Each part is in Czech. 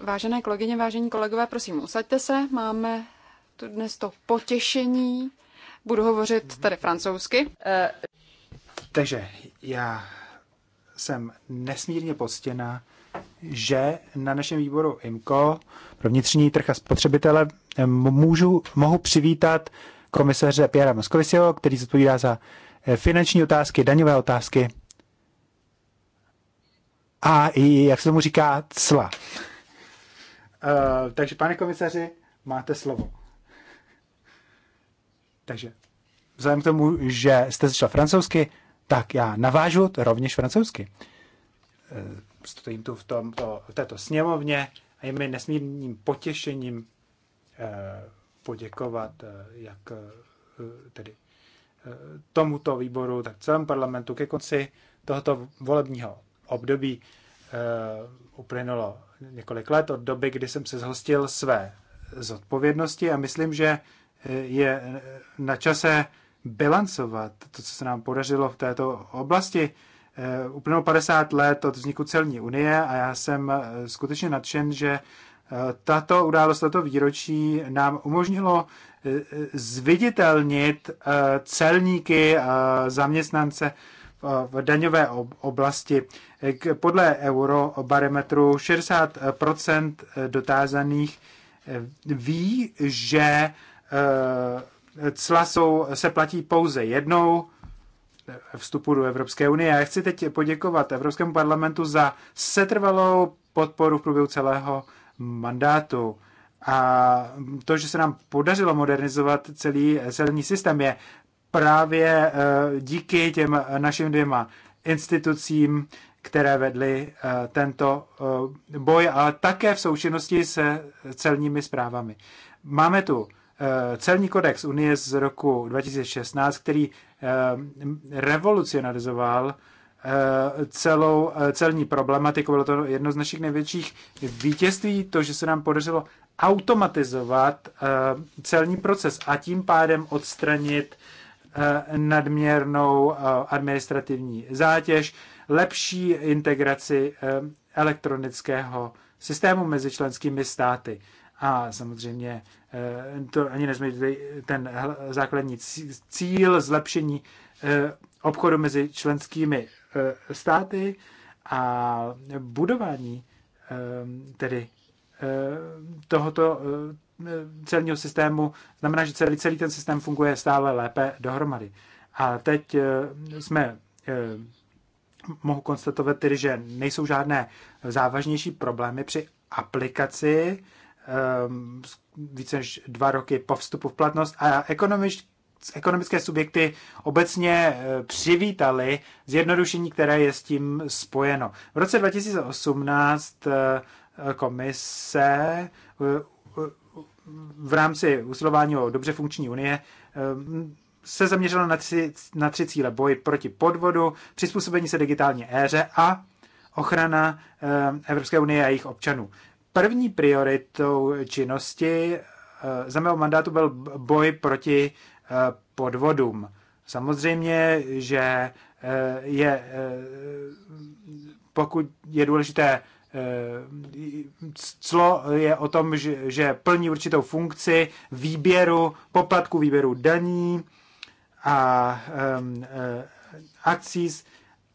Vážené kolegyně, vážení kolegové, prosím, usaďte se. Máme tu dnes to potěšení. Budu hovořit tady francouzsky. Takže já jsem nesmírně poctěna, že na našem výboru IMCO pro vnitřní trh a spotřebitele můžu, mohu přivítat komisaře Pěra Moskovisiho, který zodpovídá za finanční otázky, daňové otázky a i, jak se tomu říká, cla. Uh, takže, pane komisaři, máte slovo. Takže, vzhledem k tomu, že jste začal francouzsky, tak já navážu to rovněž francouzsky. Uh, stojím tu v, tomto, v této sněmovně a je mi nesmírným potěšením uh, poděkovat, uh, jak uh, tedy uh, tomuto výboru, tak celému parlamentu ke konci tohoto volebního období. Eh, uplynulo několik let od doby, kdy jsem se zhostil své zodpovědnosti a myslím, že eh, je eh, na čase bilancovat to, co se nám podařilo v této oblasti. Uplynulo 50 let od vzniku celní unie a já jsem skutečně nadšen, že tato událost, tato výročí nám umožnilo zviditelnit celníky, zaměstnance v daňové oblasti. Podle eurobarometru 60 dotázaných eh, ví, že eh, cla jsou, se platí pouze jednou eh, vstupu do Evropské unie. Já chci teď poděkovat Evropskému parlamentu za setrvalou podporu v průběhu celého mandátu. A to, že se nám podařilo modernizovat celý celní systém, je právě eh, díky těm eh, našim dvěma institucím, které vedly eh, tento boj, ale také v součinnosti se celními zprávami. Máme tu celní kodex Unie z roku 2016, který revolucionalizoval celou celní problematiku. Bylo to jedno z našich největších vítězství, to, že se nám podařilo automatizovat celní proces a tím pádem odstranit Eh, nadměrnou eh, administrativní zátěž, lepší integraci eh, elektronického systému mezi členskými státy. A samozřejmě to ani nezmiňuji ten základní cíl zlepšení obchodu mezi členskými státy a budování tedy tohoto, Eh, celního systému znamená, že celý, celý ten systém funguje stále lépe dohromady. A teď eh, jsme eh, mohu konstatovat tedy, že nejsou žádné závažnější problémy při aplikaci více než dva roky po vstupu v platnost a ekonomič, ekonomické subjekty obecně přivítali zjednodušení, které je s tím spojeno. V roce 2018 komise v rámci usilování o dobře funkční unie eh, se zaměřila na tři, na tři cíle. Boj proti podvodu, přizpůsobení se digitální éře a ochrana eh, Evropské unie a jejich občanů. První prioritou činnosti eh, za mého mandátu byl boj proti podvodům. Samozřejmě, že je, pokud je důležité Eh, clo je o tom, že, že plní určitou funkci výběru, poplatku výběru daní a um,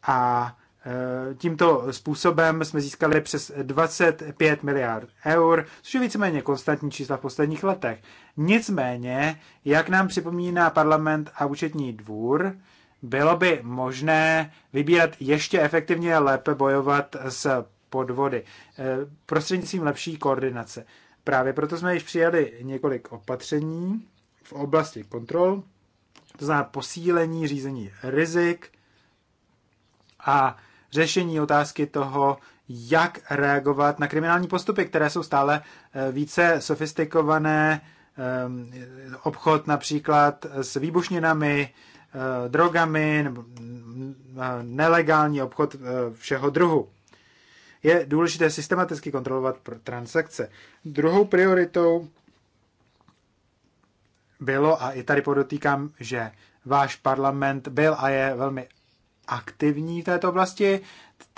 a eh, Tímto způsobem jsme získali přes 25 miliard eur, což je víceméně konstantní čísla v posledních letech. Nicméně, jak nám připomíná parlament a účetní dvůr, bylo by možné vybírat ještě efektivně a lépe bojovat s podvody eh, prostřednictvím lepší koordinace. Právě proto jsme již přijali několik opatření v oblasti kontrol, to znamená posílení řízení rizik a řešení otázky toho, jak reagovat na kriminální postupy, které jsou stále eh, více sofistikované, ehm, obchod například s výbušninami, eh, drogami, nebo mm, mm, nelegální obchod všeho druhu je důležité systematicky kontrolovat transakce. Druhou prioritou bylo, a i tady podotýkám, že váš parlament byl a je velmi aktivní v této oblasti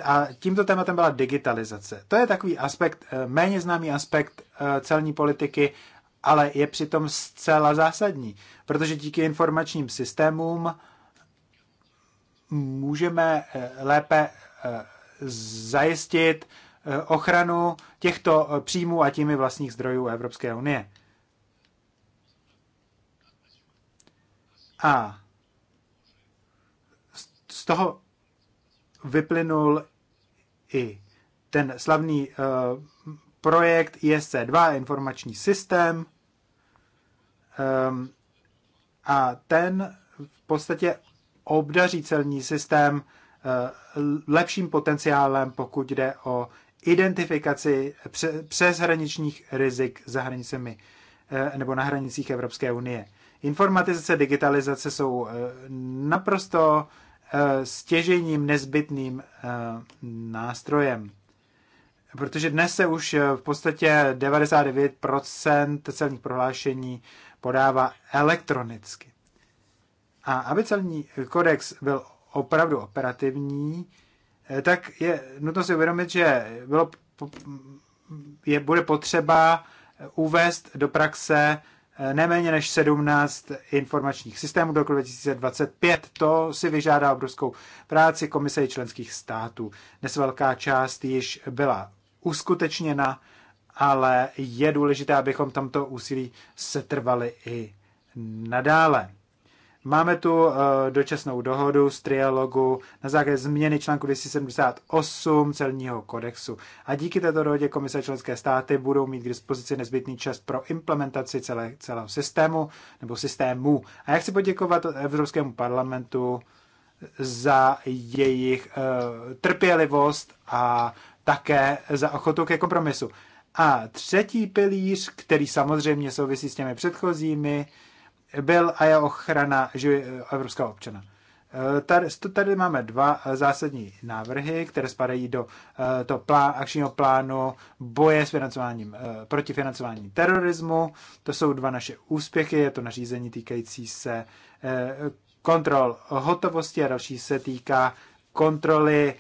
a tímto tématem byla digitalizace. To je takový aspekt, eh, méně známý aspekt eh, celní politiky, ale je přitom zcela zásadní, protože díky informačním systémům můžeme eh, lépe zajistit eh, ochranu těchto eh, příjmů a tím i vlastních zdrojů Evropské unie. A z toho vyplynul i ten slavný eh, projekt ISC2, informační systém. Ehm, a ten v podstatě obdaří celní systém Eh, lepším potenciálem, pokud jde o identifikaci přeshraničních rizik za hranicemi eh, nebo na hranicích Evropské unie. Informatizace, digitalizace jsou eh, naprosto stěžením nezbytným nástrojem. Protože dnes se už v podstatě 99% celních prohlášení podává elektronicky. A aby celní kodex byl opravdu operativní, eh, tak je nutno si uvědomit, že bylo, je, bude potřeba eh, uvést do praxe eh, neméně než 17 informačních systémů do roku 2025. To si vyžádá obrovskou práci Komise členských států. Dnes velká část již byla uskutečněna, ale je důležité, abychom tamto úsilí setrvali i nadále. Máme tu eh, dočasnou dohodu z trialogu na základě změny článku 278 celního kodexu. A díky této dohodě komise členské státy budou mít k dispozici nezbytný čas pro implementaci celé, celého systému nebo systému. A já chci poděkovat Evropskému parlamentu za jejich uh, trpělivost a také za ochotu ke kompromisu. A třetí pilíř, který samozřejmě souvisí s těmi předchozími, uh, byl a je ochrana evropského občana. Eh, tady, tady máme dva eh, zásadní návrhy, které spadají do eh, toho plán, akčního plánu boje s financováním, proti financování terorismu. To jsou dva naše úspěchy, je to nařízení týkající se kontrol hotovosti a další se týká kontroly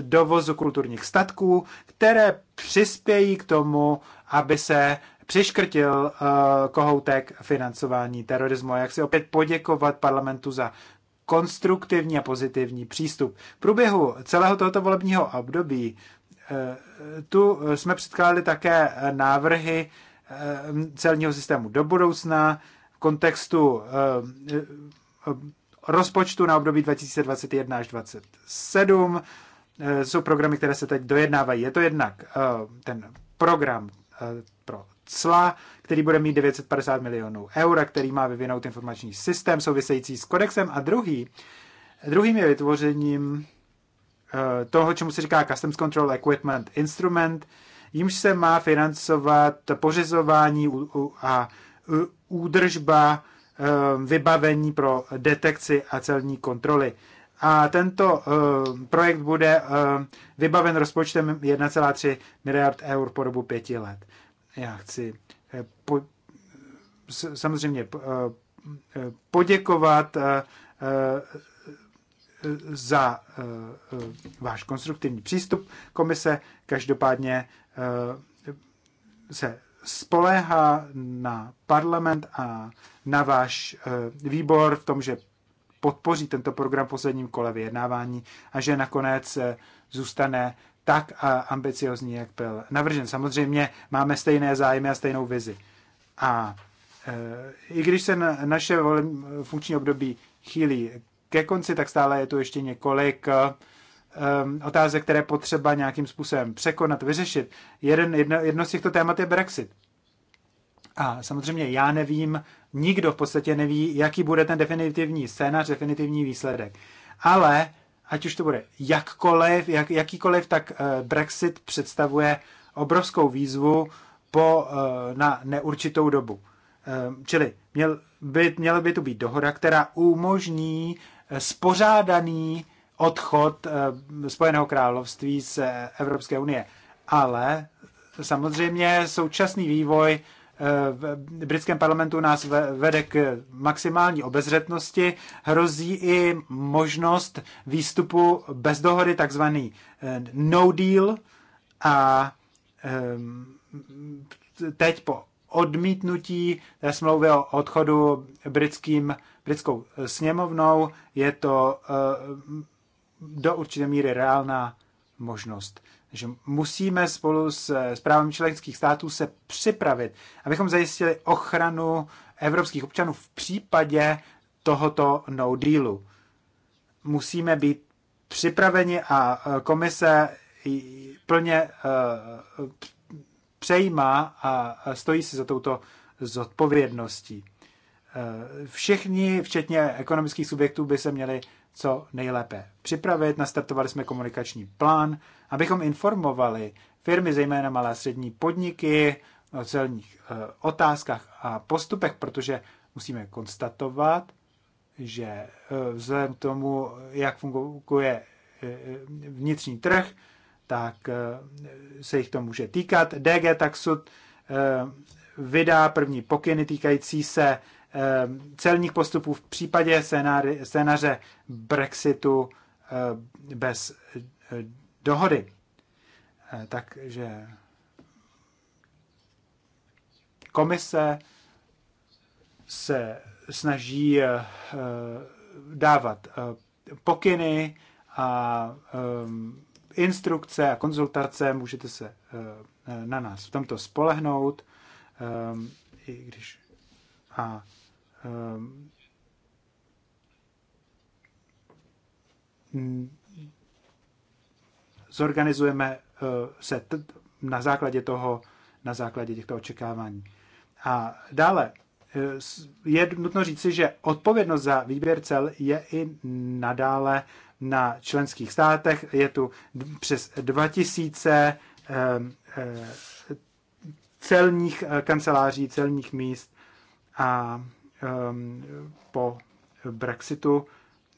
dovozu kulturních statků, které přispějí k tomu, aby se přiškrtil eh, kohoutek financování terorismu. A jak si opět poděkovat parlamentu za konstruktivní a pozitivní přístup. V průběhu celého tohoto volebního období eh, tu jsme předkládali také návrhy eh, celního systému do budoucna v kontextu rozpočtu na období 2021 až 2027. Jsou programy, které se teď dojednávají. Je to jednak ten program pro cla, který bude mít 950 milionů eur, který má vyvinout informační systém související s kodexem a druhý, druhým je vytvořením eh, toho, čemu se říká Customs Control Equipment Instrument, jimž se má financovat pořizování a údržba eh, vybavení pro detekci a celní kontroly. A tento uh, projekt bude uh, vybaven rozpočtem 1,3 miliard eur po dobu pěti let. Já chci uh, po, samozřejmě uh, poděkovat uh, uh, za uh, uh, váš konstruktivní přístup. Komise každopádně uh, se spoléhá na parlament a na váš výbor v tom, že podpoří tento program v posledním kole vyjednávání a že nakonec eh, zůstane tak ambiciozní, jak byl navržen. Samozřejmě máme stejné zájmy a stejnou vizi. A eh, i když se naše funkční období chýlí ke konci, tak stále je tu ještě několik eh, otázek, které potřeba nějakým způsobem překonat, vyřešit. Jeden, jedno, jedno z těchto témat je Brexit. A samozřejmě já nevím, nikdo v podstatě neví, jaký bude ten definitivní scénář, definitivní výsledek. Ale ať už to bude jakkoliv, jak, jakýkoliv, tak eh, Brexit představuje obrovskou výzvu po, eh, na neurčitou dobu. Eh, čili měl by, měla by tu být dohoda, která umožní spořádaný odchod Spojeného království z Evropské unie. Ale samozřejmě současný vývoj v britském parlamentu nás vede k maximální obezřetnosti. Hrozí i možnost výstupu bez dohody, takzvaný eh, no deal. A eh, teď po odmítnutí té smlouvy o odchodu britským, britskou sněmovnou je to eh, do určité míry reálná možnost že musíme spolu s zprávami členských států se připravit, abychom zajistili ochranu evropských občanů v případě tohoto no dealu. Musíme být připraveni a e, komise plně e, přejímá a stojí si za touto zodpovědností. E, všichni, včetně ekonomických subjektů, by se měli co nejlépe připravit. Nastartovali jsme komunikační plán, abychom informovali firmy, zejména malé a střední podniky, o celních e, otázkách a postupech, protože musíme konstatovat, že e, vzhledem k tomu, jak funguje e, vnitřní trh, tak se jich to může týkat. DG Taxud vydá první pokyny týkající se Eh, celních postupů v případě scénáře, scénáře Brexitu eh, bez eh, dohody. Takže komise se snaží dávat pokyny a instrukce a konzultace, můžete se na nás v tomto spolehnout, i když a Ehm, zorganizujeme eh, se na základě toho, na základě těchto očekávání. A dále eh, je nutno říci, že odpovědnost za výběr cel je i nadále na členských státech. Je tu přes 2000 ehm, eh, celních kanceláří, celních míst a Ehm, po Brexitu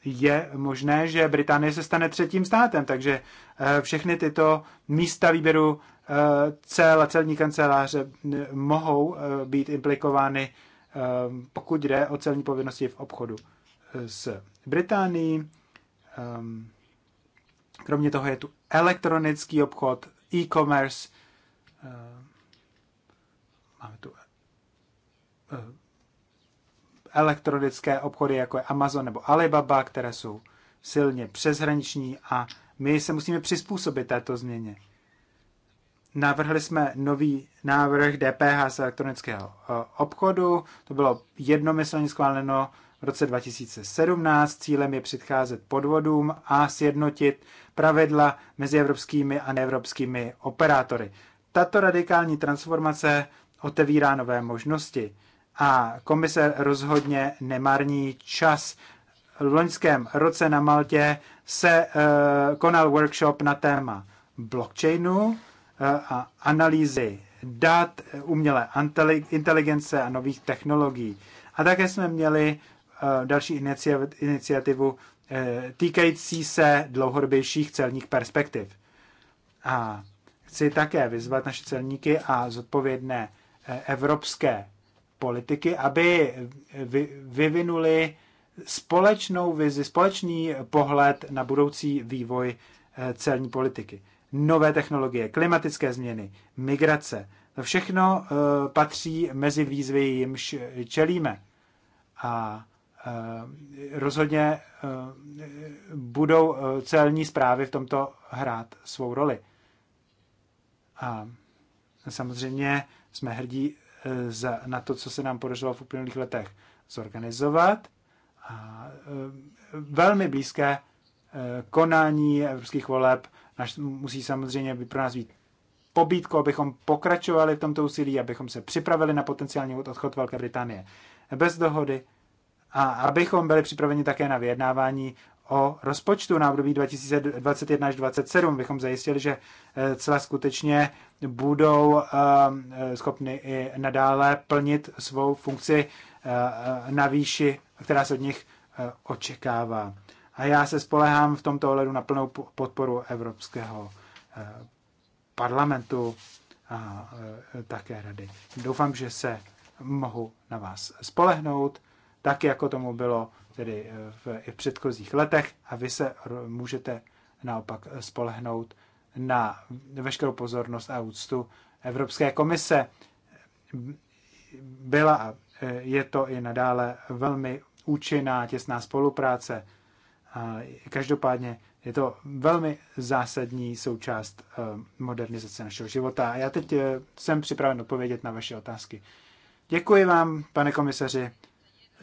je možné, že Británie se stane třetím státem, takže eh, všechny tyto místa výběru eh, cel a celní kanceláře mohou eh, být implikovány, ehm, pokud jde o celní povinnosti v obchodu s Británií. Ehm, kromě toho je tu elektronický obchod, e-commerce, máme tu elektronické obchody, jako je Amazon nebo Alibaba, které jsou silně přeshraniční a my se musíme přizpůsobit této změně. Navrhli jsme nový návrh DPH z elektronického e, obchodu. To bylo jednomyslně schváleno v roce 2017. Cílem je předcházet podvodům a sjednotit pravidla mezi evropskými a neevropskými operátory. Tato radikální transformace otevírá nové možnosti a komise rozhodně nemarní čas. V loňském roce na Maltě se uh, konal workshop na téma blockchainu uh, a analýzy dat, umělé inteligence a nových technologií. A také jsme měli uh, další iniciativu uh, týkající se dlouhodobějších celních perspektiv. A chci také vyzvat naše celníky a zodpovědné evropské politiky, aby vyvinuli společnou vizi, společný pohled na budoucí vývoj eh, celní politiky. Nové technologie, klimatické změny, migrace, to všechno eh, patří mezi výzvy, jimž čelíme. A eh, rozhodně budou celní zprávy v tomto hrát svou roli. A samozřejmě jsme hrdí Eh, za, na to, co se nám podařilo v uplynulých letech zorganizovat. A eh, velmi blízké eh, konání evropských voleb naš, musí samozřejmě pro nás být pobídku, abychom pokračovali v tomto úsilí, abychom se připravili na potenciální odchod Velké Británie bez dohody a abychom byli připraveni také na vyjednávání o rozpočtu na období 2021 až 2027, bychom zajistili, že eh, celé skutečně budou ehm, eh, schopny i nadále plnit svou funkci eh, na výši, která se od nich očekává. A já se spolehám v tomto ohledu na plnou podporu Evropského parlamentu a také rady. Doufám, že se mohu na vás spolehnout tak jako tomu bylo tedy eh, v, i v předchozích letech a vy se můžete naopak spolehnout na veškerou pozornost a úctu Evropské komise. Byla a eh, je to i nadále velmi účinná, těsná spolupráce. Každopádně je to velmi zásadní součást eh, modernizace našeho života. A já teď jsem připraven odpovědět na vaše otázky. Děkuji vám, pane komisaři,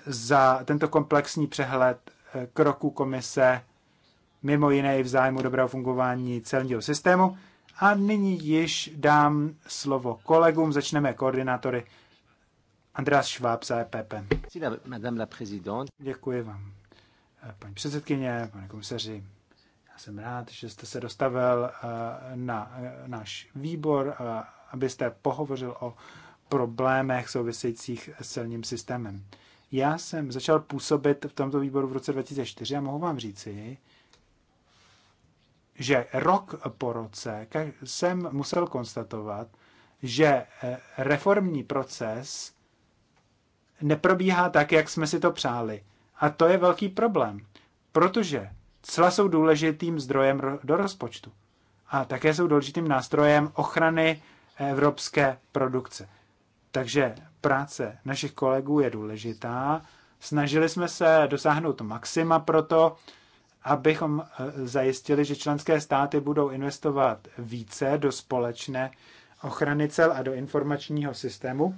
za tento komplexní přehled eh, kroků komise, mimo jiné i v zájmu dobrého fungování celního systému. A nyní již dám slovo kolegům, začneme koordinátory. Andreas Schwab za EPP. Děkuji vám. Eh, paní předsedkyně, pane komisaři, já jsem rád, že jste se dostavil eh, na náš výbor, abyste pohovořil o problémech souvisejících s celním systémem. Já jsem začal působit v tomto výboru v roce 2004 a mohu vám říci, že rok po roce jsem musel konstatovat, že eh, reformní proces neprobíhá tak, jak jsme si to přáli. A to je velký problém, protože cla jsou důležitým zdrojem do rozpočtu a také jsou důležitým nástrojem ochrany evropské produkce. Takže práce našich kolegů je důležitá. Snažili jsme se dosáhnout maxima pro to, abychom eh, zajistili, že členské státy budou investovat více do společné ochrany cel a do informačního systému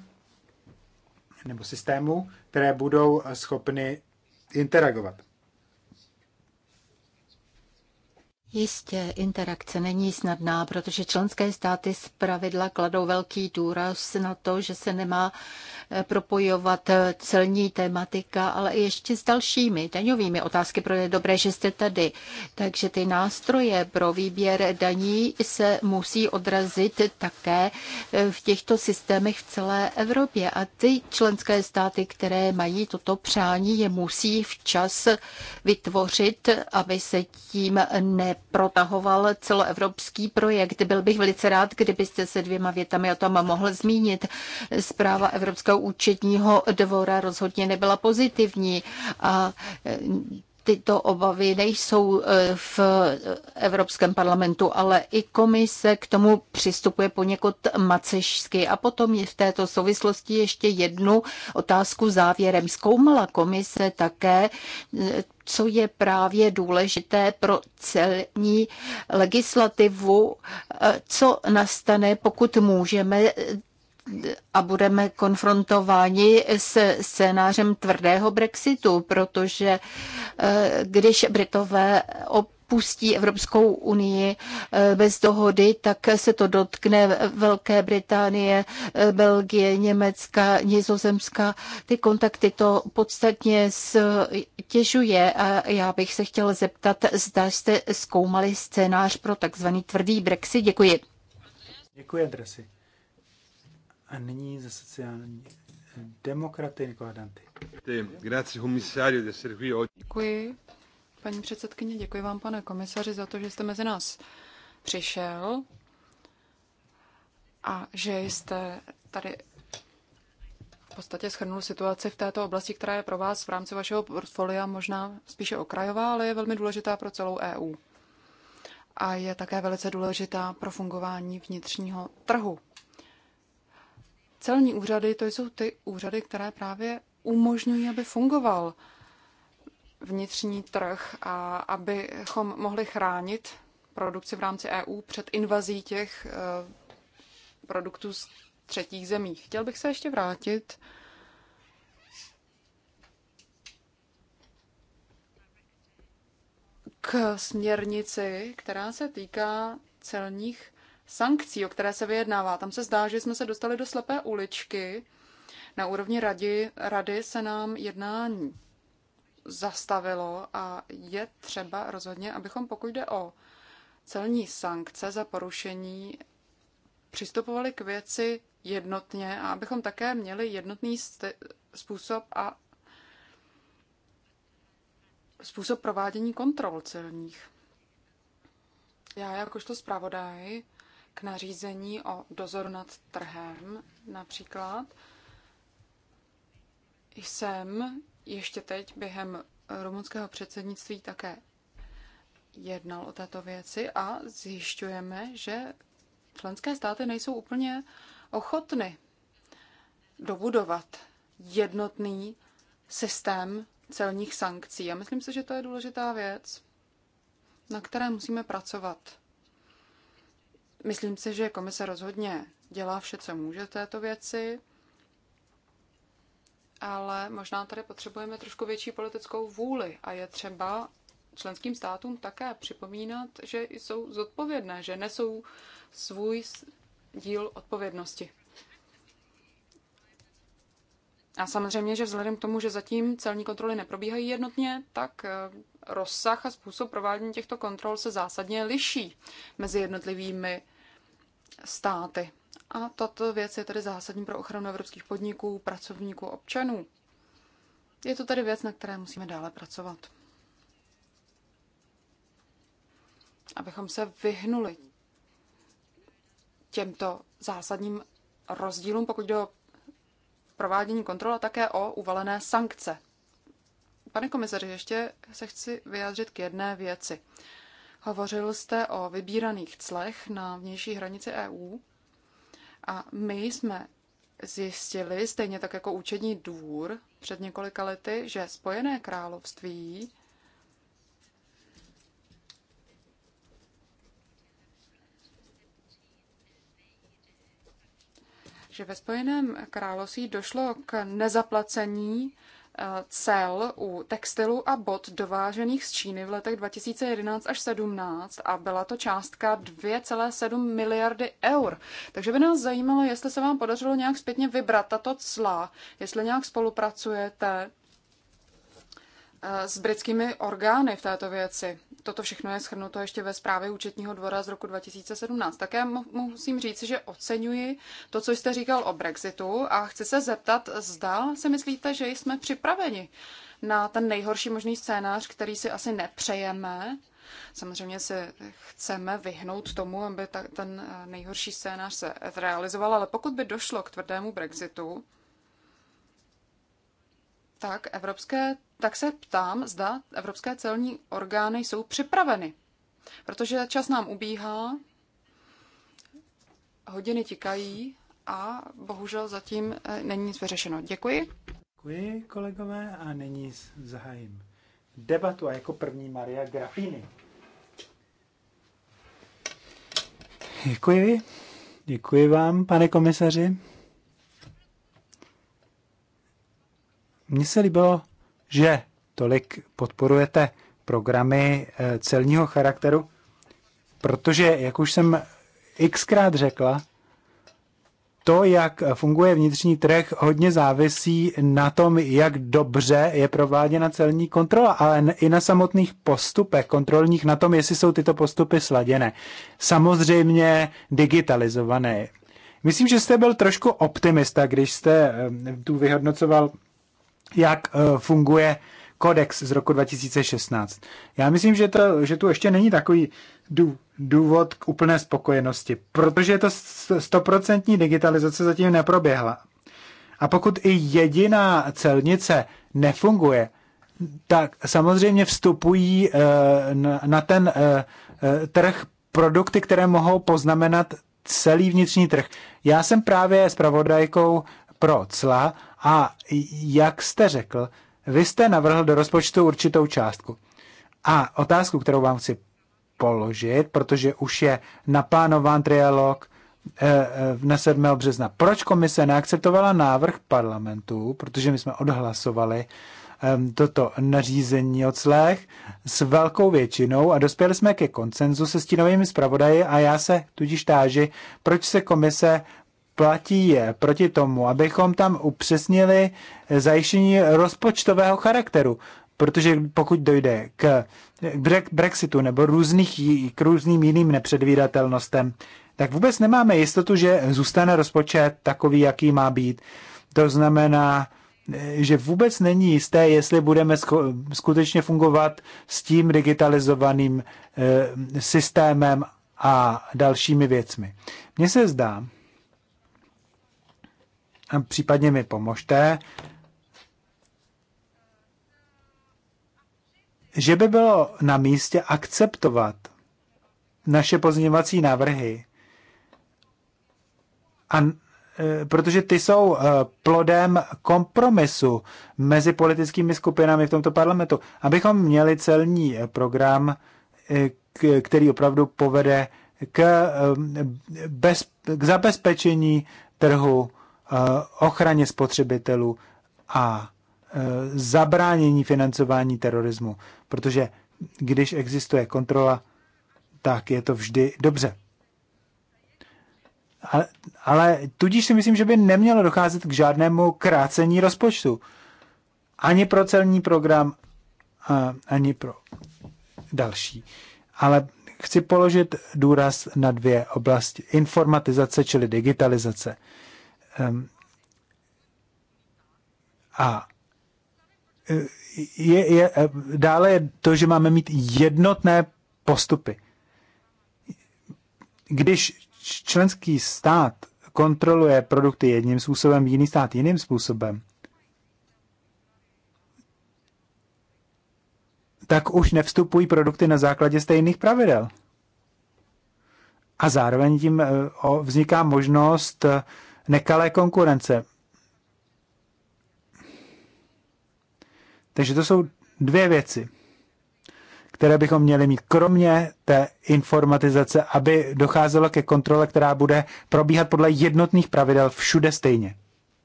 nebo systému, které budou eh, schopny interagovat. Jistě, interakce není snadná, protože členské státy z pravidla kladou velký důraz na to, že se nemá eh, propojovat eh, celní tématika, ale i ještě s dalšími daňovými otázky, pro je dobré, že jste tady. Takže ty nástroje pro výběr daní se musí odrazit také eh, v těchto systémech v celé Evropě a ty členské státy, které mají toto přání, je musí včas vytvořit, aby se tím ne Protahoval celoevropský projekt. Byl bych velice rád, kdybyste se dvěma větami o tom mohl zmínit. Zpráva Evropského účetního dvora rozhodně nebyla pozitivní a tyto obavy nejsou e, v Evropském parlamentu, ale i komise k tomu přistupuje poněkud macešsky. A potom je v této souvislosti ještě jednu otázku závěrem. Zkoumala komise také e, co je právě důležité pro celní legislativu, e, co nastane, pokud můžeme a budeme konfrontováni s scénářem tvrdého Brexitu, protože eh, když Britové opustí Evropskou unii eh, bez dohody, tak se to dotkne Velké Británie, eh, Belgie, Německa, Nizozemska. Ty kontakty to podstatně stěžuje a já bych se chtěla zeptat, zda jste zkoumali scénář pro takzvaný tvrdý Brexit. Děkuji. Děkuji, Andresi. A nyní ze sociální eh, demokraty Nikola Danty. Děkuji, paní předsedkyně, děkuji vám, pane komisaři, za to, že jste mezi nás přišel a že jste tady v podstatě schrnul situaci v této oblasti, která je pro vás v rámci vašeho portfolia možná spíše okrajová, ale je velmi důležitá pro celou EU. A je také velice důležitá pro fungování vnitřního trhu Celní úřady to jsou ty úřady, které právě umožňují, aby fungoval vnitřní trh a abychom mohli chránit produkci v rámci EU před invazí těch eh, produktů z třetích zemí. Chtěl bych se ještě vrátit k směrnici, která se týká celních sankcí, o které se vyjednává. Tam se zdá, že jsme se dostali do slepé uličky. Na úrovni rady, rady se nám jednání zastavilo a je třeba rozhodně, abychom pokud jde o celní sankce za porušení, přistupovali k věci jednotně a abychom také měli jednotný způsob a způsob provádění kontrol celních. Já jakožto zpravodaj nařízení o dozor nad trhem například, jsem ještě teď během rumunského předsednictví také jednal o této věci a zjišťujeme, že členské státy nejsou úplně ochotny dobudovat jednotný systém celních sankcí. A myslím si, že to je důležitá věc, na které musíme pracovat. Myslím si, že komise rozhodně dělá vše, co může v této věci, ale možná tady potřebujeme trošku větší politickou vůli a je třeba členským státům také připomínat, že jsou zodpovědné, že nesou svůj díl odpovědnosti. A samozřejmě, že vzhledem k tomu, že zatím celní kontroly neprobíhají jednotně, tak eh, rozsah a způsob provádění těchto kontrol se zásadně liší mezi jednotlivými státy. A tato věc je tedy zásadní pro ochranu evropských podniků, pracovníků, občanů. Je to tedy věc, na které musíme dále pracovat. Abychom se vyhnuli těmto zásadním rozdílům, pokud jde o provádění kontrol a také o uvalené sankce. Pane komisaři, ještě se chci vyjádřit k jedné věci. Hovořil jste o vybíraných clech na vnější hranici EU a my jsme zjistili, stejně tak jako účetní dvůr před několika lety, že Spojené království že ve Spojeném království došlo k nezaplacení cel u textilu a bot dovážených z Číny v letech 2011 až 17 a byla to částka 2,7 miliardy eur. Takže by nás zajímalo, jestli se vám podařilo nějak zpětně vybrat tato cla, jestli nějak spolupracujete Eh, s britskými orgány v této věci. Toto všechno je schrnuto ještě ve zprávě účetního dvora z roku 2017. Také musím říct, že oceňuji to, co jste říkal o Brexitu a chci se zeptat, zda si myslíte, že jsme připraveni na ten nejhorší možný scénář, který si asi nepřejeme. Samozřejmě si chceme vyhnout tomu, aby ta, ten eh, nejhorší scénář se realizoval, ale pokud by došlo k tvrdému Brexitu, tak, evropské, tak se ptám, zda evropské celní orgány jsou připraveny. Protože čas nám ubíhá, hodiny tikají a bohužel zatím eh, není nic vyřešeno. Děkuji. Děkuji, kolegové, a nyní zahájím debatu a jako první Maria Grafini. Děkuji. Děkuji vám, pane komisaři. Mně se líbilo, že tolik podporujete programy eh, celního charakteru, protože, jak už jsem xkrát řekla, to, jak funguje vnitřní trh, hodně závisí na tom, jak dobře je prováděna celní kontrola, ale i na samotných postupech kontrolních, na tom, jestli jsou tyto postupy sladěné. Samozřejmě digitalizované. Myslím, že jste byl trošku optimista, když jste eh, tu vyhodnocoval jak eh, funguje kodex z roku 2016. Já myslím, že, to, že tu ještě není takový důvod k úplné spokojenosti, protože to stoprocentní digitalizace zatím neproběhla. A pokud i jediná celnice nefunguje, tak samozřejmě vstupují eh, na ten eh, trh produkty, které mohou poznamenat celý vnitřní trh. Já jsem právě s pravodajkou pro cla a jak jste řekl, vy jste navrhl do rozpočtu určitou částku. A otázku, kterou vám chci položit, protože už je naplánován trialog eh, eh, na 7. března. Proč komise neakceptovala návrh parlamentu, protože my jsme odhlasovali ehm, toto nařízení o clech s velkou většinou a dospěli jsme ke koncenzu se stínovými zpravodaji a já se tudíž táži, proč se komise platí je proti tomu, abychom tam upřesnili zajištění rozpočtového charakteru. Protože pokud dojde k Brexitu nebo různých, k různým jiným nepředvídatelnostem, tak vůbec nemáme jistotu, že zůstane rozpočet takový, jaký má být. To znamená, že vůbec není jisté, jestli budeme skutečně fungovat s tím digitalizovaným e, systémem a dalšími věcmi. Mně se zdá, a případně mi pomožte, že by bylo na místě akceptovat naše pozměňovací návrhy, a, e, protože ty jsou e, plodem kompromisu mezi politickými skupinami v tomto parlamentu, abychom měli celní e, program, který opravdu povede k, bez, k zabezpečení trhu Eh, ochraně spotřebitelů a eh, zabránění financování terorismu. Protože když existuje kontrola, tak je to vždy dobře. Ale, ale tudíž si myslím, že by nemělo docházet k žádnému krácení rozpočtu. Ani pro celní program, ani pro další. Ale chci položit důraz na dvě oblasti. Informatizace, čili digitalizace. A e, je, je, e, dále je to, že máme mít jednotné postupy. Když členský stát kontroluje produkty jedním způsobem, jiný stát jiným způsobem, tak už nevstupují produkty na základě stejných pravidel. A zároveň tím e, vzniká možnost nekalé konkurence. Takže to jsou dvě věci, které bychom měli mít, kromě té informatizace, aby docházelo ke kontrole, která bude probíhat podle jednotných pravidel všude stejně.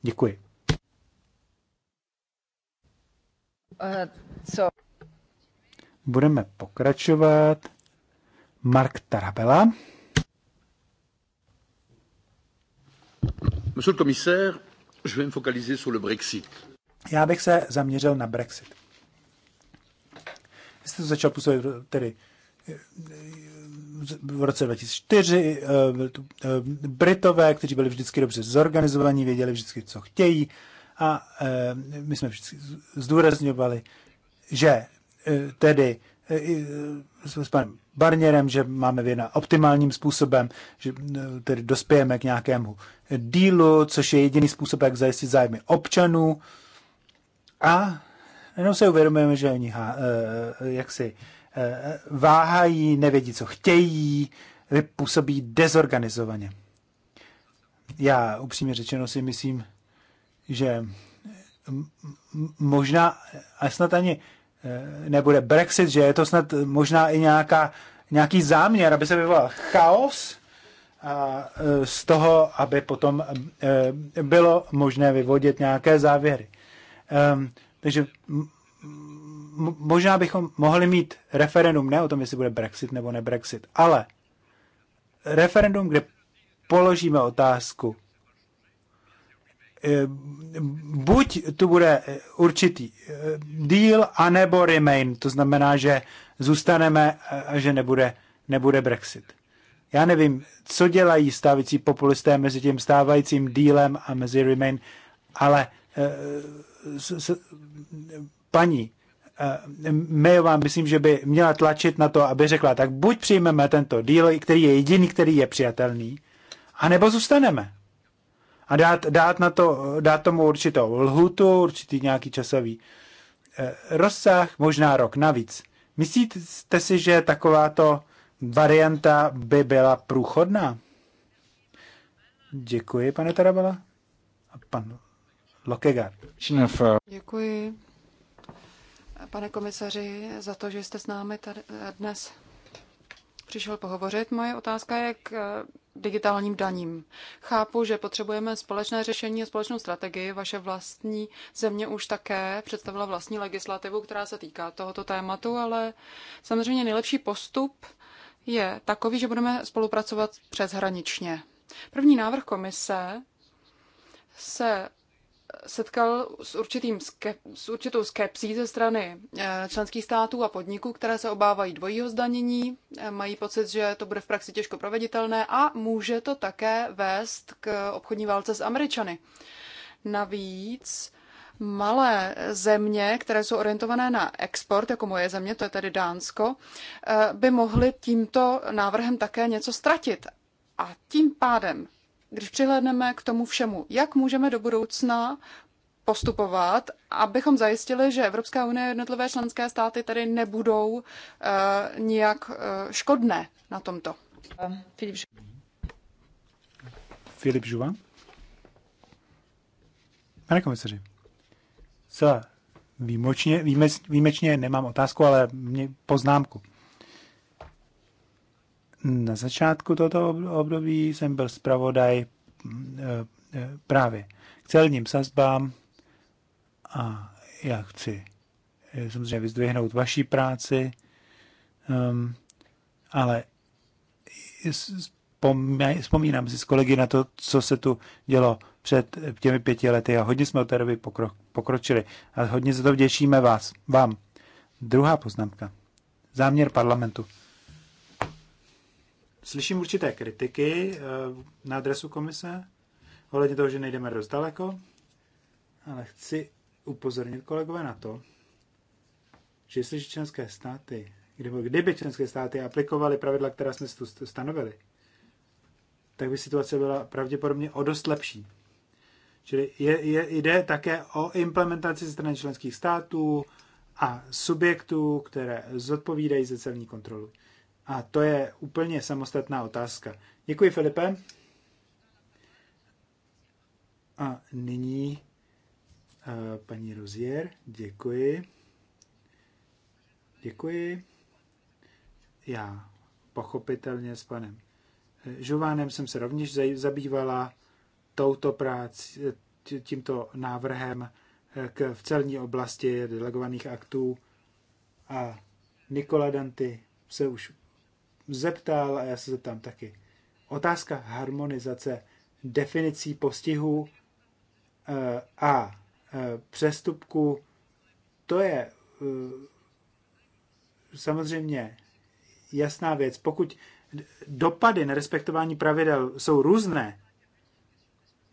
Děkuji. Uh, co? Budeme pokračovat. Mark Tarabela. Monsieur le commissaire, je vais me focaliser sur le Brexit. Já bych se zaměřil na Brexit. Vy jste to začal působit tedy eh, v roce 2004. Eh, eh, Britové, kteří byli vždycky dobře zorganizovaní, věděli vždycky, co chtějí. A my jsme vždycky zdůrazňovali, že tedy s panem Barnierem, že máme věna optimálním způsobem, že eh, tedy dospějeme k nějakému dílu, což je jediný způsob, jak zajistit zájmy občanů. A jenom se uvědomujeme, že oni há, eh, eh, jak si váhají, nevědí, co chtějí, působí dezorganizovaně. Já upřímně řečeno si myslím, že možná a snad ani Eh, nebude Brexit, že je to snad možná i nějaká, nějaký záměr, aby se vyvolal chaos a eh, z toho, aby potom eh, bylo možné vyvodit nějaké závěry. Ehm, takže možná bychom mohli mít referendum ne o tom, jestli bude Brexit nebo ne Brexit, ale referendum, kde položíme otázku, Eh, buď tu bude eh, určitý eh, deal, anebo remain. To znamená, že zůstaneme a že nebude, nebude Brexit. Já nevím, co dělají stávající populisté mezi tím stávajícím dealem a mezi remain, ale s, s, paní Mayová, myslím, že by měla tlačit na to, aby řekla, tak buď přijmeme tento deal, který je jediný, který je přijatelný, anebo zůstaneme a dát, dát, na to, dát tomu určitou lhutu, určitý nějaký časový eh, rozsah, možná rok navíc. Myslíte si, že takováto varianta by byla průchodná? Děkuji, pane Tarabala. A pan Lokegar. Děkuji, pane komisaři, za to, že jste s námi tady dnes přišel pohovořit. Moje otázka je k digitálním daním. Chápu, že potřebujeme společné řešení a společnou strategii. Vaše vlastní země už také představila vlastní legislativu, která se týká tohoto tématu, ale samozřejmě nejlepší postup je takový, že budeme spolupracovat přeshraničně. První návrh komise se setkal s, určitým s určitou skepsí ze strany eh, členských států a podniků, které se obávají dvojího zdanění, eh, mají pocit, že to bude v praxi těžko proveditelné a může to také vést k obchodní válce s Američany. Navíc malé země, které jsou orientované na export, jako moje země, to je tedy Dánsko, eh, by mohly tímto návrhem také něco ztratit. A tím pádem když přihlédneme k tomu všemu, jak můžeme do budoucna postupovat, abychom zajistili, že Evropská unie a jednotlivé členské státy tady nebudou uh, nijak uh, škodné na tomto. Filip Žuva. Filip Žuva. Pane komisaři, celá výjimečně, výjimečně nemám otázku, ale mě poznámku. Na začátku tohoto období jsem byl zpravodaj eh, eh, právě k celním sazbám a já chci eh, samozřejmě vyzdvihnout vaší práci, ehm, ale vzpomínám si s kolegy na to, co se tu dělo před těmi pěti lety a hodně jsme od té doby pokro, pokročili a hodně za to vděčíme vás, vám. Druhá poznámka. Záměr parlamentu. Slyším určité kritiky eh, na adresu komise, ohledně toho, že nejdeme dost daleko, ale chci upozornit kolegové na to, že jestliže členské státy, kdyby, kdyby členské státy aplikovaly pravidla, která jsme tu stanovili, tak by situace byla pravděpodobně o dost lepší. Čili je, je, jde také o implementaci ze strany členských států a subjektů, které zodpovídají za celní kontrolu. A to je úplně samostatná otázka. Děkuji, Filipe. A nyní eh, paní Rozier, děkuji. Děkuji. Já pochopitelně s panem eh, Žovánem jsem se rovněž zabývala touto práci, tímto návrhem eh, k, v celní oblasti delegovaných aktů a Nikola Danty se už zeptal, a já se zeptám taky. Otázka harmonizace definicí uh, a eh, přestupku to je eh, samozřejmě jasná věc. Pokud dopady na respektování pravidel jsou různé,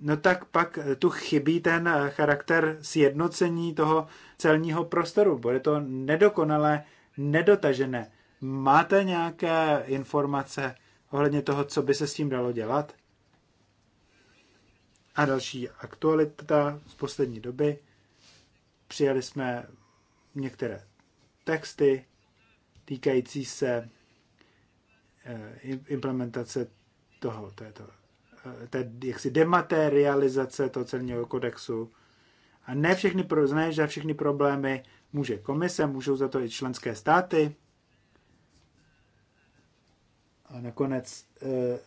no tak pak tu chybí ten charakter sjednocení toho celního prostoru. Bude to nedokonalé, nedotažené. Máte nějaké informace ohledně toho, co by se s tím dalo dělat? A další aktualita z poslední doby. Přijali jsme některé texty týkající se eh, implementace toho, této, eh, té jaksi dematerializace toho celního kodexu. A ne všechny, ne, že všechny problémy může komise, můžou za to i členské státy. A nakonec eh,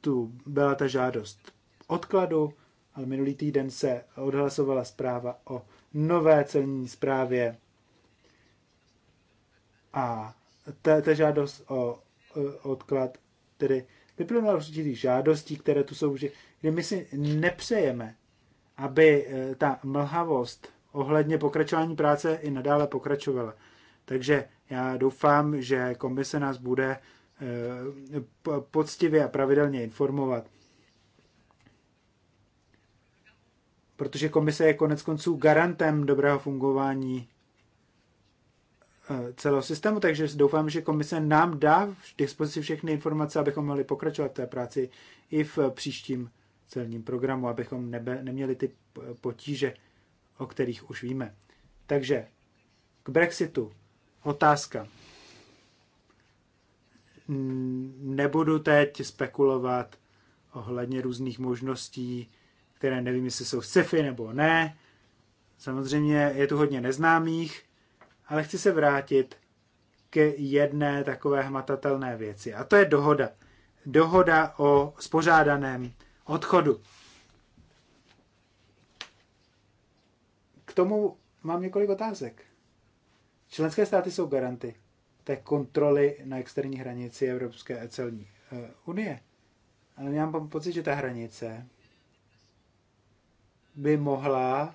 tu byla ta žádost odkladu, ale minulý týden se odhlasovala zpráva o nové celní zprávě a ta, ta žádost o odklad tedy vyplynula určitých žádostí, které tu jsou, že, kdy my si nepřejeme, aby eh, ta mlhavost ohledně pokračování práce i nadále pokračovala. Takže já doufám, že komise nás bude Eh, poctivě a pravidelně informovat. Protože komise je konec konců garantem dobrého fungování eh, celého systému, takže doufám, že komise nám dá v dispozici všechny informace, abychom mohli pokračovat v té práci i v příštím celním programu, abychom nebe, neměli ty potíže, o kterých už víme. Takže k Brexitu otázka nebudu teď spekulovat ohledně různých možností, které nevím, jestli jsou sci-fi nebo ne. Samozřejmě je tu hodně neznámých, ale chci se vrátit k jedné takové hmatatelné věci. A to je dohoda. Dohoda o spořádaném odchodu. K tomu mám několik otázek. Členské státy jsou garanty té kontroly na externí hranici Evropské celní eh, unie. Ale já mám pocit, že ta hranice by mohla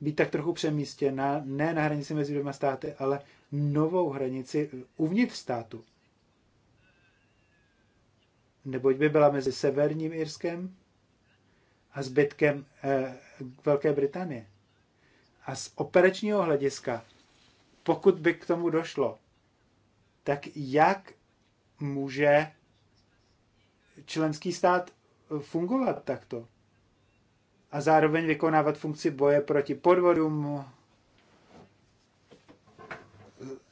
být tak trochu přemístěna, ne na hranici mezi dvěma státy, ale novou hranici uvnitř státu. Neboť by byla mezi Severním Irskem a zbytkem eh, Velké Británie. A z operačního hlediska pokud by k tomu došlo, tak jak může členský stát fungovat takto? A zároveň vykonávat funkci boje proti podvodům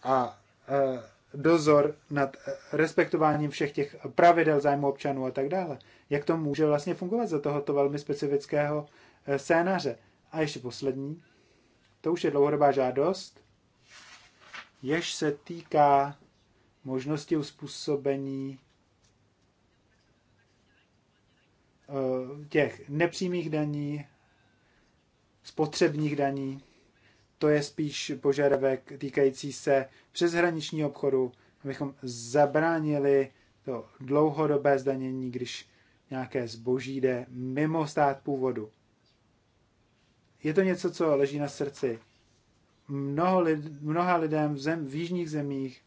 a e, dozor nad respektováním všech těch pravidel zájmu občanů a tak dále. Jak to může vlastně fungovat za tohoto velmi specifického e, scénáře? A ještě poslední, to už je dlouhodobá žádost jež se týká možnosti uspůsobení eh, těch nepřímých daní, spotřebních daní. To je spíš požadavek týkající se přeshraničního obchodu, abychom zabránili to dlouhodobé zdanění, když nějaké zboží jde mimo stát původu. Je to něco, co leží na srdci mnoho lid, mnoha lidem v, zem, v jižních zemích,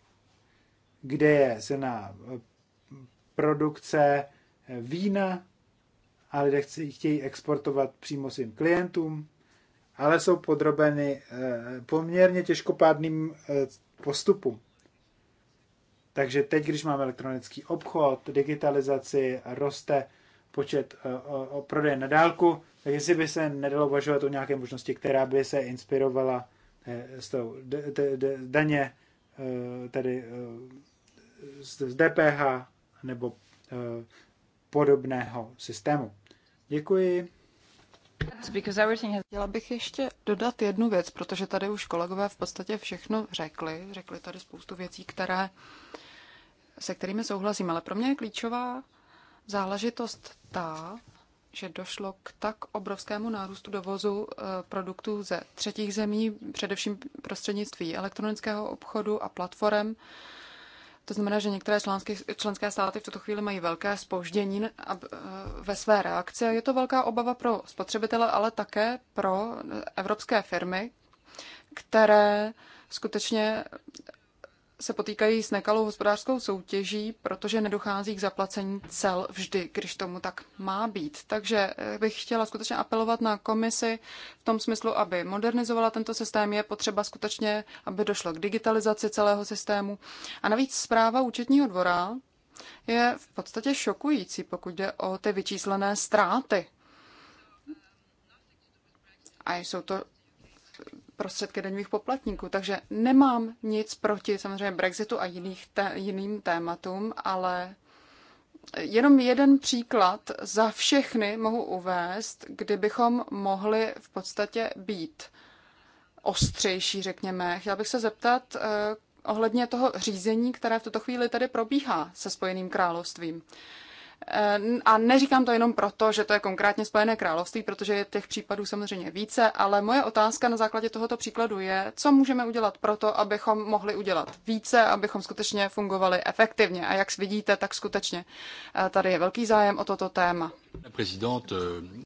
kde je silná eh, produkce eh, vína a lidé chtějí exportovat přímo svým klientům, ale jsou podrobeny eh, poměrně těžkopádným postupům. Takže teď, když máme elektronický obchod, digitalizaci, roste počet prodeje na dálku, tak jestli by se nedalo uvažovat o nějaké možnosti, která by se inspirovala Eh, s tou daně, eh, tedy eh, z DPH nebo podobného systému. Děkuji. Chtěla bych ještě dodat jednu věc, protože tady už kolegové v podstatě všechno řekli. Řekli tady spoustu věcí, které, se kterými souhlasím, ale pro mě je klíčová záležitost ta, že došlo k tak obrovskému nárůstu dovozu eh, produktů ze třetích zemí, především prostřednictví elektronického obchodu a platform. To znamená, že některé členské, členské státy v tuto chvíli mají velké spoždění eh, ve své reakci. Je to velká obava pro spotřebitele, ale také pro eh, evropské firmy, které skutečně se potýkají s nekalou hospodářskou soutěží, protože nedochází k zaplacení cel vždy, když tomu tak má být. Takže eh, bych chtěla skutečně apelovat na komisi v tom smyslu, aby modernizovala tento systém. Je potřeba skutečně, aby došlo k digitalizaci celého systému. A navíc zpráva účetního dvora je v podstatě šokující, pokud jde o ty vyčíslené ztráty. A jsou to prostředky daňových poplatníků. Takže nemám nic proti samozřejmě Brexitu a jiných te- jiným tématům, ale jenom jeden příklad za všechny mohu uvést, kdybychom mohli v podstatě být ostřejší, řekněme. Chtěla bych se zeptat eh, ohledně toho řízení, které v tuto chvíli tady probíhá se Spojeným královstvím. Eh, Eh, a neříkám to jenom proto, že to je konkrétně Spojené království, protože je těch případů samozřejmě více, ale moje otázka na základě tohoto příkladu je, co můžeme udělat proto, abychom mohli udělat více, abychom skutečně fungovali efektivně. A jak vidíte, tak skutečně eh, tady je velký zájem o toto téma. Prezident...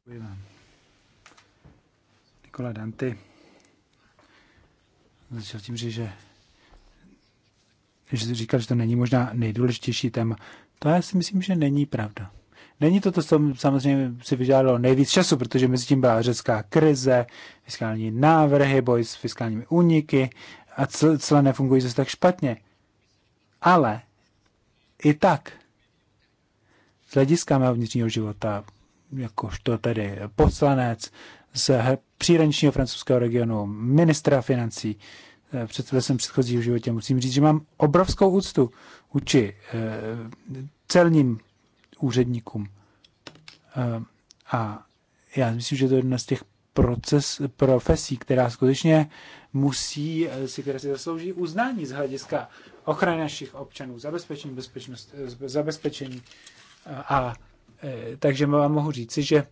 Eh, Nikola Danty začal tím říct, že, že říkal, že to není možná nejdůležitější téma. To já si myslím, že není pravda. Není to to, co samozřejmě si vyžádalo nejvíc času, protože mezi tím byla řecká krize, fiskální návrhy, boj s fiskálními úniky a celé nefungují zase tak špatně. Ale i tak, z hlediska mého vnitřního života, jakožto tedy poslanec z přírenčního francouzského regionu, ministra financí, eh, představil jsem předchozího životě, musím říct, že mám obrovskou úctu vůči eh, celním úředníkům. Eh, a já myslím, že to je jedna z těch proces, profesí, která skutečně musí, eh, si, která si zaslouží uznání z hlediska ochrany našich občanů, zabezpečení, bezpečnost, zabezpečení. A, a takže vám mohu říci, že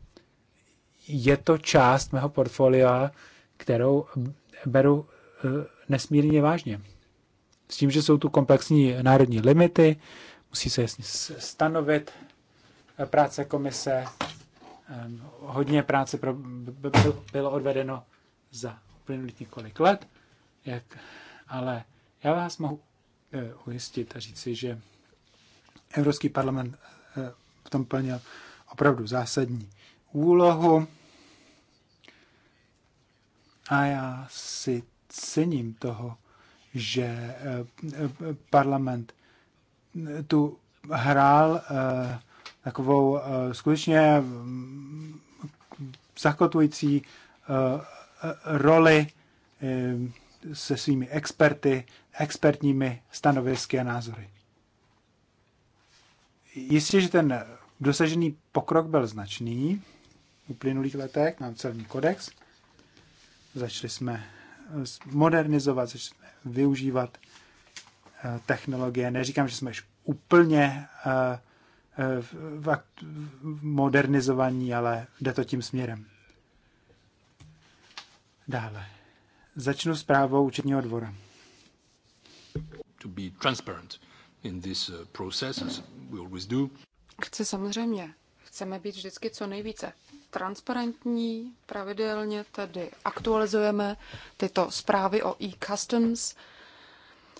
je to část mého portfolia, kterou beru nesmírně vážně s tím, že jsou tu komplexní národní limity, musí se jasně stanovit eh, práce komise. Ehm, hodně práce pro, bylo odvedeno za uplynulých několik let, jak, ale já vás mohu eh, ujistit a říci, že Evropský parlament eh, v tom plnil opravdu zásadní úlohu a já si cením toho, že eh, eh, parlament tu hrál eh, takovou skutečně mm, zakotující roli se svými experty, expertními stanovisky a názory. Jistě, že ten dosažený pokrok byl značný. V uplynulých letech nám celní kodex. Začali jsme modernizovat, začali využívat eh, technologie. Neříkám, že jsme úplně eh, eh, modernizovaní, ale jde to tím směrem. Dále. Začnu s právou účetního dvora. To be transparent in this process, as we always do. Chce samozřejmě. Chceme být vždycky co nejvíce transparentní. Pravidelně tedy aktualizujeme tyto zprávy o e-customs,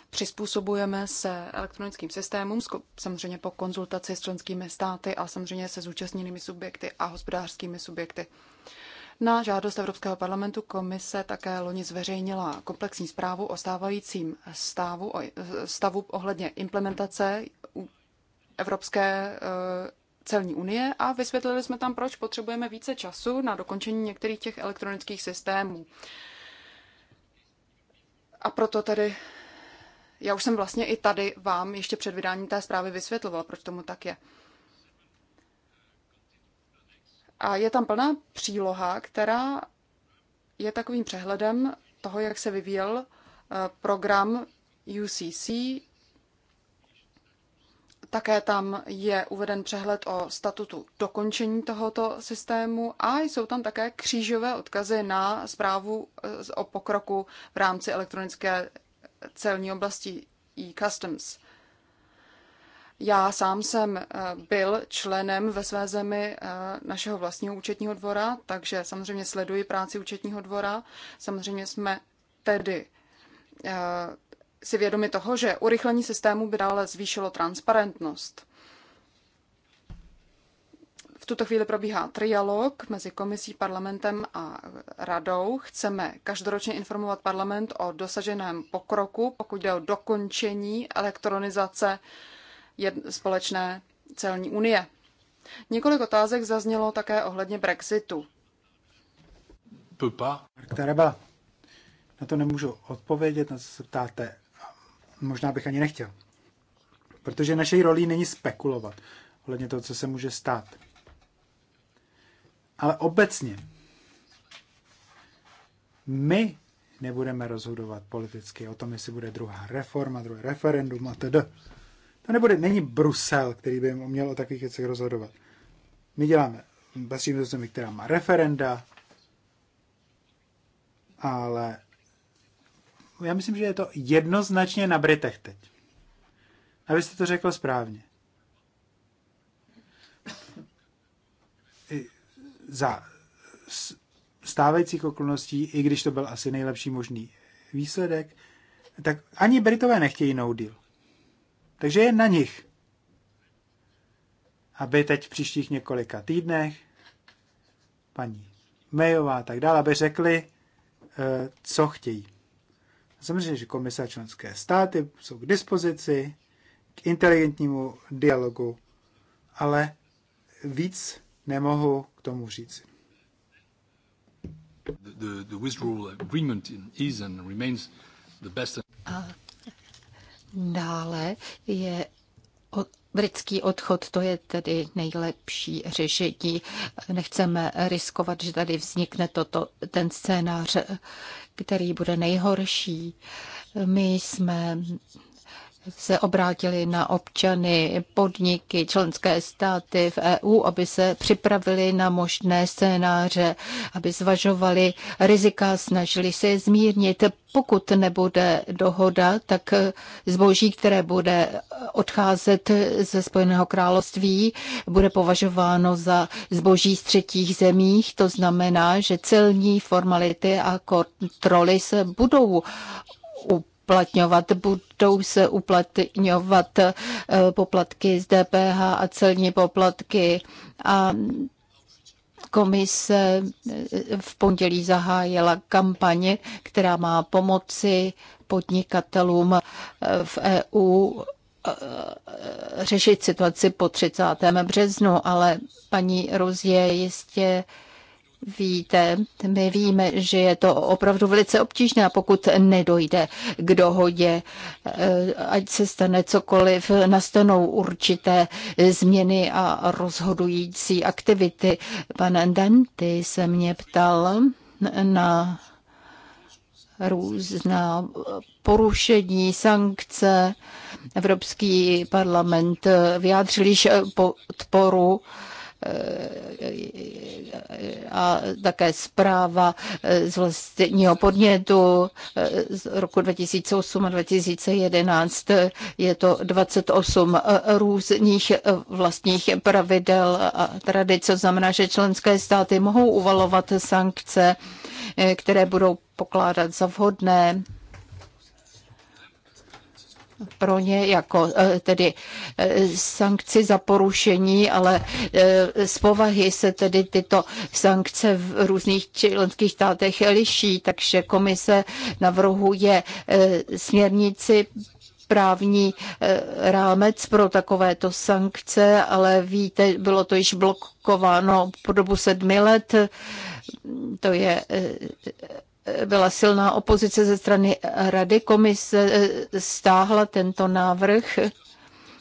přizpůsobujeme se elektronickým systémům, samozřejmě po konzultaci s členskými státy a samozřejmě se zúčastněnými subjekty a hospodářskými subjekty. Na žádost Evropského parlamentu komise také loni zveřejnila komplexní zprávu o stávajícím stavu, stavu ohledně implementace evropské eh, celní unie a vysvětlili jsme tam, proč potřebujeme více času na dokončení některých těch elektronických systémů. A proto tedy já už jsem vlastně i tady vám ještě před vydáním té zprávy vysvětloval, proč tomu tak je. A je tam plná příloha, která je takovým přehledem toho, jak se vyvíjel eh, program UCC také tam je uveden přehled o statutu dokončení tohoto systému a jsou tam také křížové odkazy na zprávu eh, o pokroku v rámci elektronické celní oblasti e-customs. Já sám jsem eh, byl členem ve své zemi eh, našeho vlastního účetního dvora, takže samozřejmě sleduji práci účetního dvora. Samozřejmě jsme tedy si vědomi toho, že urychlení systému by dále zvýšilo transparentnost. V tuto chvíli probíhá trialog mezi komisí, parlamentem a radou. Chceme každoročně informovat parlament o dosaženém pokroku, pokud jde o dokončení elektronizace společné celní unie. Několik otázek zaznělo také ohledně Brexitu. na to nemůžu odpovědět, na co se ptáte možná bych ani nechtěl. Protože naší rolí není spekulovat ohledně toho, co se může stát. Ale obecně my nebudeme rozhodovat politicky o tom, jestli bude druhá reforma, druhé referendum a td. To nebude, není Brusel, který by měl o takových věcech rozhodovat. My děláme, patříme do zemi, která má referenda, ale já myslím, že je to jednoznačně na Britech teď. Abyste to řekl správně. Za stávajících okolností, i když to byl asi nejlepší možný výsledek, tak ani Britové nechtějí no deal. Takže je na nich, aby teď v příštích několika týdnech paní Mayová a tak dále, aby řekli, eh, co chtějí. Samozřejmě, že komise a členské státy jsou k dispozici k inteligentnímu dialogu, ale víc nemohu k tomu říct. The, the withdrawal agreement in Eason remains the best. A dále je britský odchod, to je tedy nejlepší řešení. Nechceme riskovat, že tady vznikne toto, ten scénář, který bude nejhorší. My jsme se obrátili na občany, podniky, členské státy v EU, aby se připravili na možné scénáře, aby zvažovali rizika, snažili se je zmírnit. Pokud nebude dohoda, tak zboží, které bude odcházet ze Spojeného království, bude považováno za zboží z třetích zemích. To znamená, že celní formality a kontroly se budou uplatňovat. Budou se uplatňovat eh, poplatky z DPH a celní poplatky a komise eh, v pondělí zahájila kampaně, která má pomoci podnikatelům eh, v EU řešit situaci po 30. březnu, ale paní Rozie jistě Víte, my víme, že je to opravdu velice obtížné, pokud nedojde k dohodě, eh, ať se stane cokoliv, nastanou určité změny a rozhodující aktivity. Pan Danty se mě ptal na různá porušení, sankce. Evropský parlament vyjádřil již podporu Eh, a také zpráva eh, z vlastního podnětu eh, z roku 2008 a 2011. Je to 28 různých vlastních pravidel a tradic, co znamená, že členské státy mohou uvalovat sankce, které budou pokládat za vhodné pro ně jako eh, tedy eh, sankci za porušení, ale eh, z povahy se tedy tyto sankce v různých členských státech liší, takže komise navrhuje směrnici právní rámec pro takovéto sankce, ale víte, bylo to již blokováno po dobu sedmi let. To je byla silná opozice ze strany rady. Komise eh, stáhla tento návrh,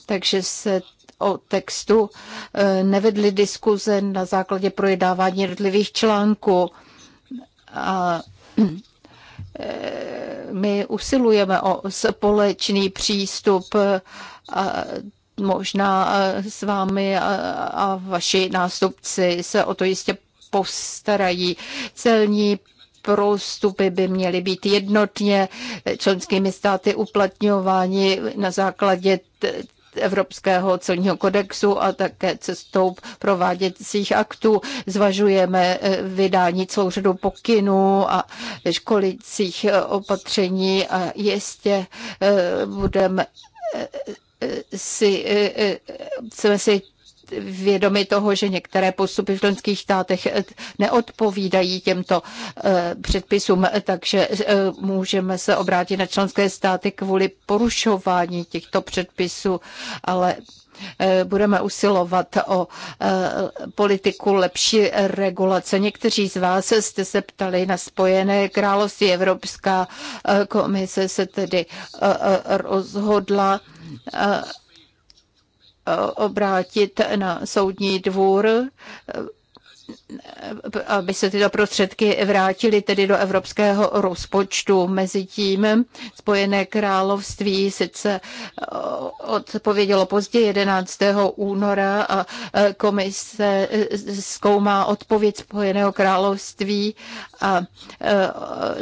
takže se o textu eh, nevedly diskuze na základě projednávání jednotlivých článků. A eh, my usilujeme o společný přístup a možná s vámi a vaši nástupci se o to jistě postarají. Celní prostupy by měly být jednotně členskými státy uplatňováni na základě Evropského celního kodexu a také cestou prováděcích aktů. Zvažujeme eh, vydání celou řadu pokynů a školicích eh, opatření a jistě eh, budeme si, chceme si vědomi toho, že některé postupy v členských státech neodpovídají těmto eh, předpisům, takže eh, můžeme se obrátit na členské státy kvůli porušování těchto předpisů, ale eh, budeme usilovat o politiku lepší regulace. Někteří z vás jste se ptali na Spojené království. Evropská komise se tedy rozhodla obrátit na soudní dvůr, aby se tyto prostředky vrátily tedy do evropského rozpočtu. Mezitím Spojené království sice odpovědělo pozdě 11. února a komise zkoumá odpověď Spojeného království a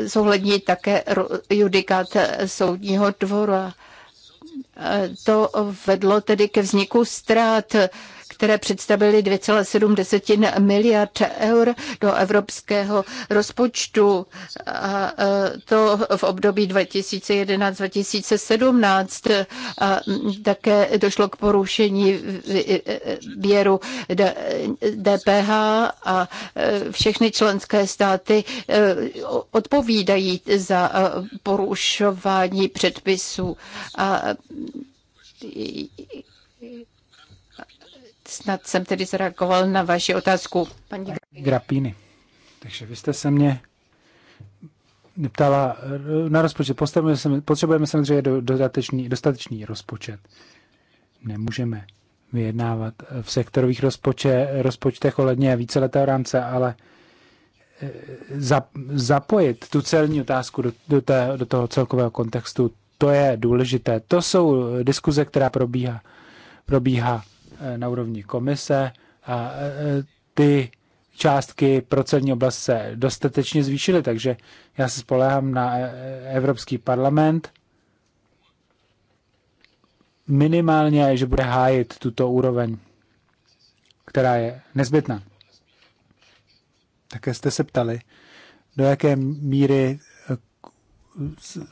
zohlední také judikát soudního dvora. Eh, to vedlo tedy ke vzniku ztrát které představily 2,7 miliard eur do evropského rozpočtu. A e, to v období 2011-2017 také došlo k porušení e, běru DPH a e, všechny členské státy odpovídají za porušování předpisů. A Snad jsem tedy zareagoval na vaši otázku. Paní Grapini. Takže vy jste se mě ptala na rozpočet. Potřebujeme samozřejmě dodatečný, dostatečný rozpočet. Nemůžeme vyjednávat v sektorových rozpoče, rozpočtech ohledně víceletého rámce, ale eh, zapojit tu celní otázku do, do, té, do toho celkového kontextu, to je důležité. To jsou diskuze, která probíhá, probíhá Eh, na úrovni komise a eh, ty částky pro celní oblast se dostatečně zvýšily, takže já se spolehám na eh, Evropský parlament minimálně, že bude hájit tuto úroveň, která je nezbytná. Také jste se ptali, do jaké míry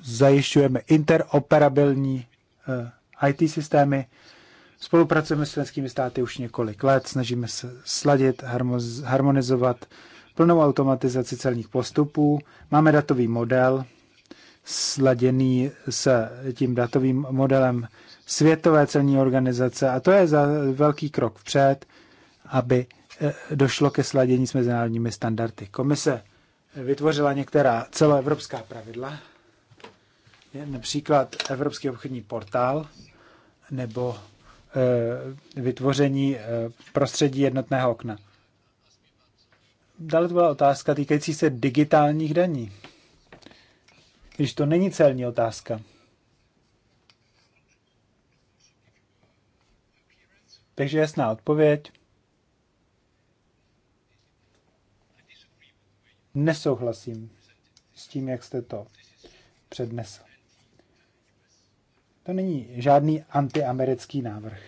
zajišťujeme interoperabilní IT systémy. Spolupracujeme s členskými státy už několik let, snažíme se sladit, harmonizovat plnou automatizaci celních postupů. Máme datový model sladěný s tím datovým modelem Světové celní organizace a to je za velký krok vpřed, aby eh, došlo ke sladění s mezinárodními standardy. Komise vytvořila některá celoevropská pravidla, například Evropský obchodní portál nebo Eh, vytvoření eh, prostředí jednotného okna. Dále to byla otázka týkající se digitálních daní. Když to není celní otázka. Takže jasná odpověď. Nesouhlasím s tím, jak jste to přednesl. To není žádný antiamerický návrh.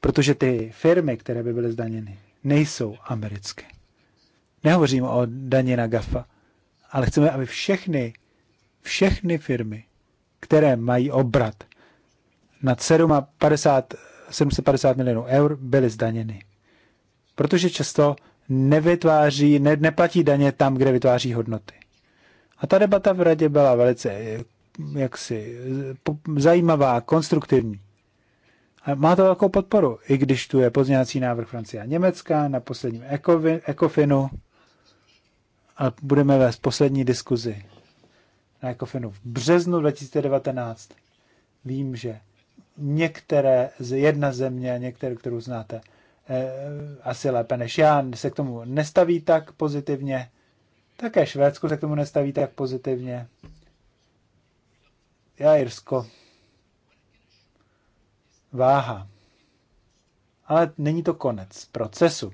Protože ty firmy, které by byly zdaněny, nejsou americké. Nehovořím o daně na GAFA, ale chceme, aby všechny, všechny firmy, které mají obrat nad 750, 750 milionů eur, byly zdaněny. Protože často nevytváří, ne, neplatí daně tam, kde vytváří hodnoty. A ta debata v radě byla velice jaksi zajímavá, konstruktivní. A má to velkou podporu, i když tu je pozměňovací návrh Francie a Německa na posledním ECOFINu. A budeme vést poslední diskuzi na ECOFINu v březnu 2019. Vím, že některé z jedna země, některé, kterou znáte, eh, asi lépe než já, se k tomu nestaví tak pozitivně. Také Švédsko se k tomu nestaví tak pozitivně. Já Jirsko. váha. Ale není to konec procesu.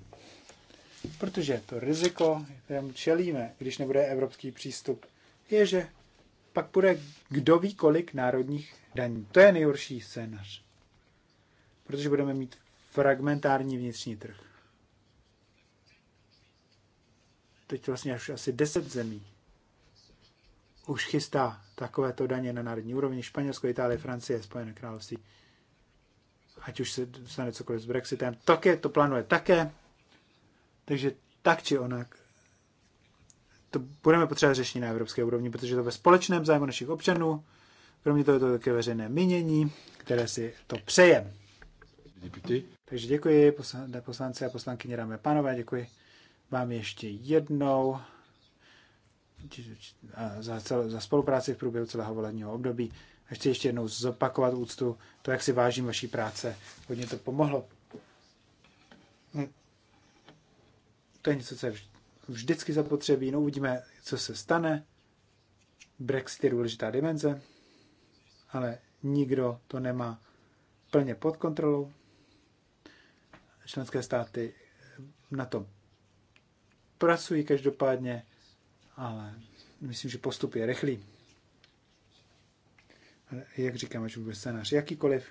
Protože to riziko, kterému čelíme, když nebude evropský přístup, je, že pak bude kdo ví kolik národních daní. To je nejhorší scénář. Protože budeme mít fragmentární vnitřní trh. Teď vlastně až asi 10 zemí už chystá takovéto daně na národní úrovni Španělsko, Itálie, Francie, Spojené království. Ať už se stane cokoliv s Brexitem, také to plánuje také. Takže tak či onak to budeme potřebovat řešit na evropské úrovni, protože to ve společném zájmu našich občanů, kromě toho je to také veřejné mínění, které si to přeje. Deputy. Takže děkuji poslanci a poslankyně dámy a pánové, děkuji vám ještě jednou za, cel, za spolupráci v průběhu celého volebního období. A chci ještě jednou zopakovat úctu, to, jak si vážím vaší práce. Hodně to pomohlo. Hm. To je něco, co je vždycky zapotřebí. No uvidíme, co se stane. Brexit je důležitá dimenze, ale nikdo to nemá plně pod kontrolou. Členské státy na tom pracují každopádně ale myslím, že postup je rychlý. Ale jak říkám, že bude scénář jakýkoliv,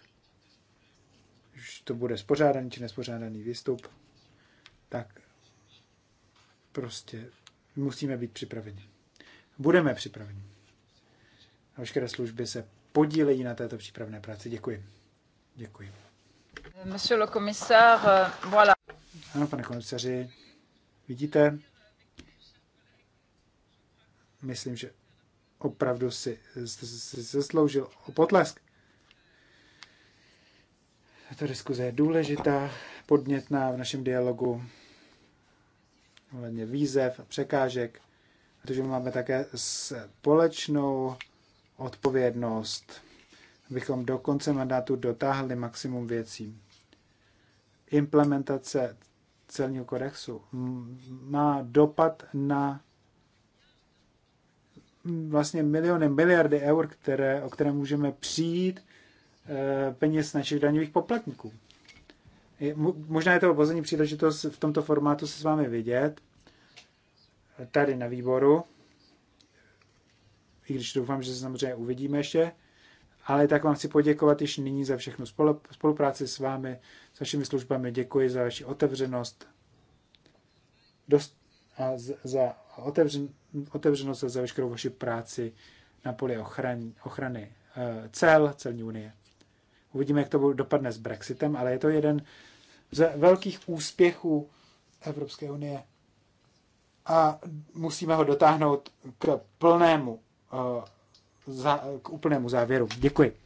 už to bude spořádaný či nespořádaný výstup, tak prostě musíme být připraveni. Budeme připraveni. A veškeré služby se podílejí na této přípravné práci. Děkuji. Děkuji. Monsieur le commissaire, euh, voilà. Ano, pane komisaři, vidíte, myslím, že opravdu si, si zasloužil o potlesk. Tato diskuze je důležitá, podnětná v našem dialogu ohledně výzev a překážek, protože máme také společnou odpovědnost, abychom do konce mandátu dotáhli maximum věcí. Implementace celního kodexu má dopad na vlastně miliony, miliardy eur, které, o které můžeme přijít eh, peněz našich daňových poplatníků. Možná je to pozorní příležitost v tomto formátu se s vámi vidět, eh, tady na výboru, i když doufám, že se samozřejmě uvidíme ještě, ale tak vám chci poděkovat již nyní za všechnu spolupráci s vámi, s vašimi službami. Děkuji za vaši otevřenost dost, a za otevřen, otevřenost a za veškerou vaši práci na poli ochran, ochrany eh, cel, celní unie. Uvidíme, jak to dopadne s Brexitem, ale je to jeden z velkých úspěchů Evropské unie a musíme ho dotáhnout k plnému, eh, k úplnému závěru. Děkuji.